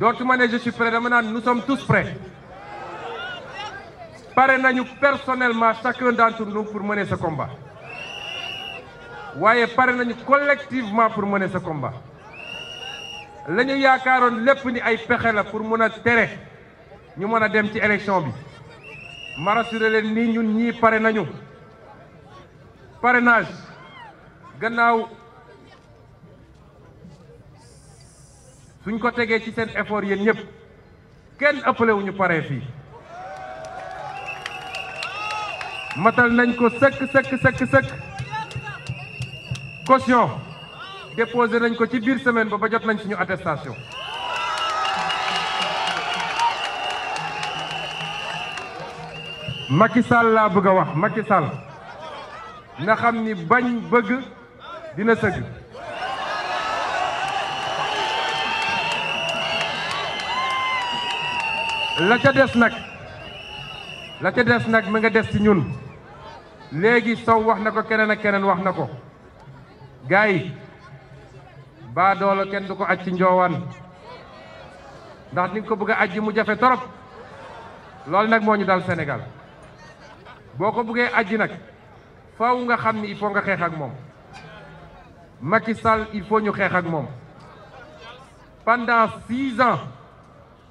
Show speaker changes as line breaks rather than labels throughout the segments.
D'autres manières, je suis prêt Maintenant, nous sommes tous prêts parrainons nañu personnellement chacun d'entre nous pour mener ce combat waaye parrainons nañu collectivement pour mener ce combat Nous yakaron tous ni ay pexe pour mën téré ñu mën dem ci élection bi ma rassuré len ni ñun nañu parrainage gannaaw suñ ko tegee ci seen effort yéen ñëpp kenn ëppale wu paree fii matal nañ ko sëkk sëkk sëkk sëkk caution déposé nañ ko ci biir semaine ba ba jot nañ suñu attestation Macky Sall laa bëgg a wax Macky Sall na xam ni bañ bëgg dina sëgg la ca des nag la ca des nag mi nga dess ci ñun legi saw wax nako, ko keneen ak keneen wax nako gay ba doolo ken duko acc ci njoowaan ndax ni ko bëgg acc mu jafé torop lool nak moñu dal Sénégal boko bëggé acc nak nag faaw nga xamni il faut nga xex ak mom Macky Sall il faut ñu xex ak mom pendant 6 ans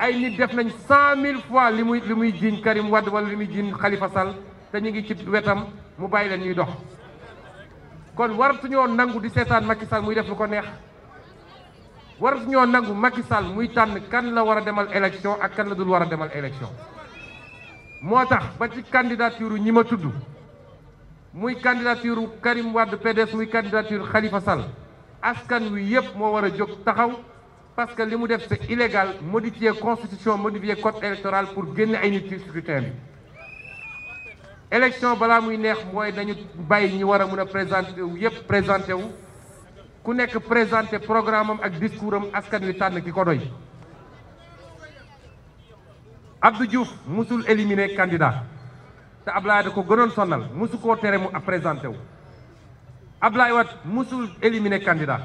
ay nit def nañ 100000 fois limuy limuy li Karim wad wala limuy muy Khalifa sal te ñi ngi ci wetam mu bay la ñuy dox kon waratuñoo nangu di setan Macky Sall muy def lu ko neex waratuñoo nangu Macky Sall muy tan kan la wara a demal élection ak kan la dul wara demal élection motax ba ci candidature ñi ma muy candidature Karim wad PDS muy candidature Khalifa Sall askan wi yep mo wara a taxaw parce que li def c'est illégal modifier constitution modifier code électoral pour gagner un utile scrutin élection bala muy neex moy dañu bay ñi wara mëna présenter wu présenté présenter wu ku nekk présenter programme ak discours am askan wi tànn ki ko doy Abdou Diouf musul éliminer candidat te Ablaye da ko gënon sonnal musu ko téré mu présenté wu Ablaye Wade musul éliminer candidat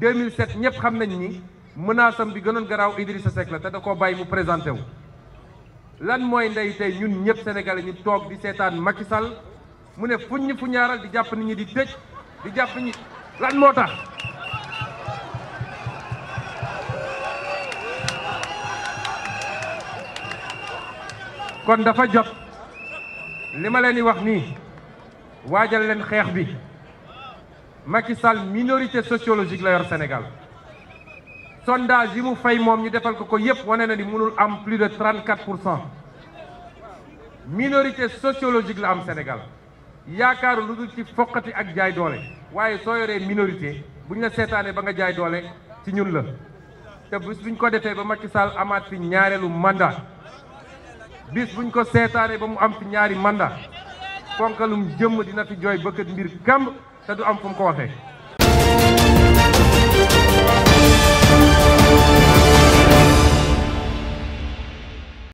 2007 ñepp xam nañ ni Menasam bi gënon graw Idrissa Seck la te da ko bay mu présenté wu lan moy ndey tey ñun ñëpp sénégalais ñu tok di sétane Macky Sall mu ne fuññ fu ñaaral di japp nit ñi di tejj di japp nit lan motax kon dafa jot lima leen di wax ni wajal leen xex bi Macky Sall minorité sociologique la yor Sénégal sondage yi mu fay moom ñu defal ko ko yépp wane na ni mënul am plus de 34 pour cent minorité sociologique la am Sénégal yaakaaru lu dul ci foqati ak jaay doole waaye soo yoree minorité bu ñu la seetaanee ba nga jaay doole ci ñun la te bis buñ ko defee ba Macky Sall amaat fi ñaareelu mandat bis buñ ko seetaanee ba mu am fi ñaari mandat ponkalum jëmm dina fi jooy bëkkat mbir kàmb te du am fu mu ko waxee